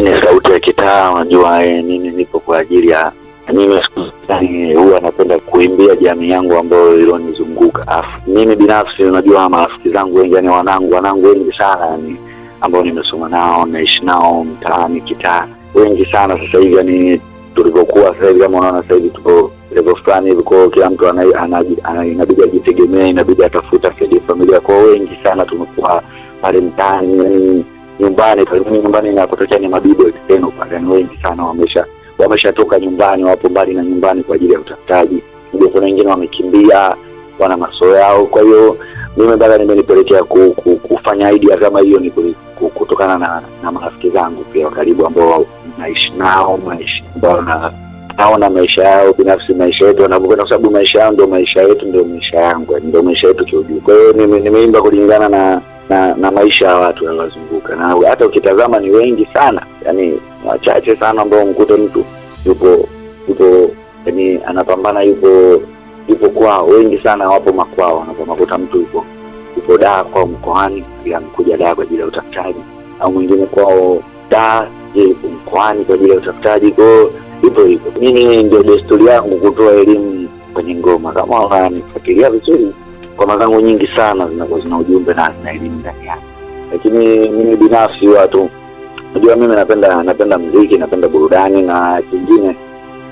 nini sauti ya kitaa, unajua eh, nini nipo kwa ajili ya mimi sikuzani eh, huwa napenda kuimbia jamii yangu ambayo ilionizunguka. Afu mimi binafsi, unajua marafiki zangu wengi, yani wanangu wanangu wengi sana, yani ambao nimesoma nao naishi nao mtaani kitaa, wengi sana sasa hivi, yani tulivyokuwa sasa hivi, kama unaona sasa hivi tuko levo fulani hivi, kwao kila mtu inabidi ajitegemea inabidi atafuta atafute familia. kwao wengi sana tumekuwa pale mtaani yani nyumbani, karibuni nyumbani na kutokea ni mabibi pale ni wengi sana wamesha wameshatoka nyumbani, wapo mbali na nyumbani kwa ajili ya utafutaji. Kuna wengine wamekimbia, wana masomo yao. Kwa hiyo mimi mpaka nimenipelekea ku, ku, kufanya idea kama hiyo ni kutokana na, na marafiki zangu pia wa karibu ambao naishi nao maisha ambao na naona maisha yao binafsi, maisha yetu wanavyokwenda, kwa sababu maisha yao ndio maisha yetu, ndio maisha yangu, ndio maisha yetu kiujumla. Kwa hiyo nimeimba kulingana na na na maisha ya watu yanawazunguka, na hata ukitazama ni wengi sana, yani wachache sana ambao mkuta mtu yupo yupo yani anapambana yupo yupo kwao, wengi sana wapo makwao, anapomakuta mtu yupo yupo daa kwao mkoani, amekuja daa kwa ajili ya utafutaji, au mwingine kwao daa yupo mkoani kwa ajili ya utafutaji. Kwa hiyo ipo mimi ndio desturi yangu kutoa elimu kwenye ngoma. Kama unanifuatilia vizuri ngoma zangu nyingi sana zinakuwa zina ujumbe na zina elimu ndani yake, lakini mimi binafsi watu, najua mimi napenda napenda mziki, napenda burudani, na kingine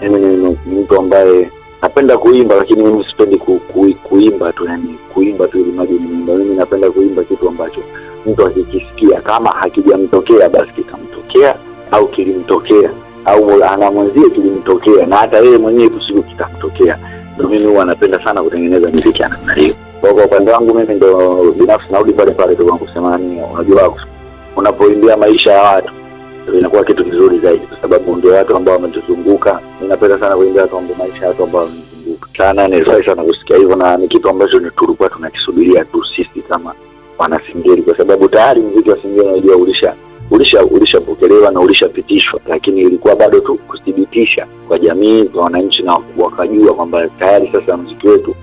mimi ni mtu ambaye napenda kuimba, lakini mimi sipendi ku, ku, kuimba tu, yani kuimba tu ili maji niimba. Mimi napenda kuimba kitu ambacho mtu akikisikia, kama hakijamtokea basi kitamtokea au kilimtokea, au ana mwenzie kilimtokea, na hata yeye mwenyewe kusiku kitamtokea. Ndo mimi huwa napenda sana kutengeneza muziki ya namna hiyo. Kwa kwa upande wangu mimi ndo binafsi narudi pale pale tu kwangu kusema ni unajua, unapoimbia maisha ya watu inakuwa kitu kizuri zaidi, kwa sababu ndio watu ambao wametuzunguka. Ninapenda sana kuimbia watu ambao maisha ya watu ambao wamezunguka sana. ni Nilifurahi sana kusikia hivyo, na ni kitu ambacho ni tulikuwa tunakisubiria tu sisi kama wana singeli kwa sababu tayari mziki wa singeli unajua ulisha ulisha ulishapokelewa na ulishapitishwa, lakini ilikuwa bado tu kuthibitisha kwa jamii, kwa wananchi, na wakajua kwamba tayari sasa mziki wetu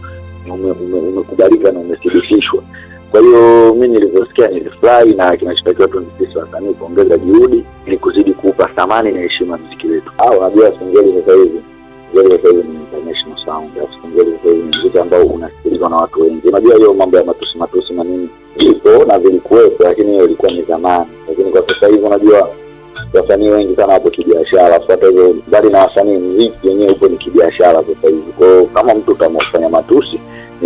umekubalika na umethibitishwa. Kwa hiyo mi nilivyosikia nilifurahi, na kinachotakiwa tu ni sisi wasanii kuongeza juhudi ili kuzidi kuupa thamani na heshima mziki wetu. Unajua Singeli sasa hivi sahivi ni international sound. Singeli sasa hivi ni mziki ambao unasikilizwa na watu wengi. Unajua hiyo mambo ya matusi matusi na nini vipo na vilikuwepo, lakini hiyo ilikuwa ni zamani, lakini kwa sasa hivi unajua wasanii wengi sana wapo kibiashara. Hata hivyo, mbali na wasanii, mziki wenyewe upo ni kibiashara sasa hivi. kwao kama mtu utamfanya matusi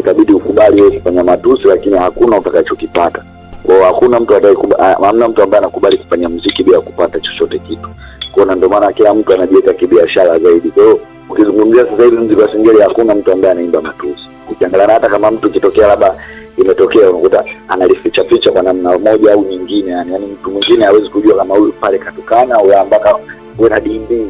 itabidi ukubali wewe kufanya matusi, lakini hakuna utakachokipata. Kwa hiyo hakuna mtu atakaye, hamna mtu ambaye anakubali kufanya muziki bila kupata chochote kitu. Kwa hiyo ndio maana kila mtu anajiweka kibiashara zaidi. Kwa hiyo ukizungumzia sasa hivi mziki wa Singeli hakuna mtu ambaye anaimba matusi. Ukiangalia hata kama mtu kitokea labda imetokea unakuta analificha ficha kwa namna moja au nyingine, yani, yani mtu mwingine hawezi kujua kama huyu pale katukana au ambaka wewe na dimbi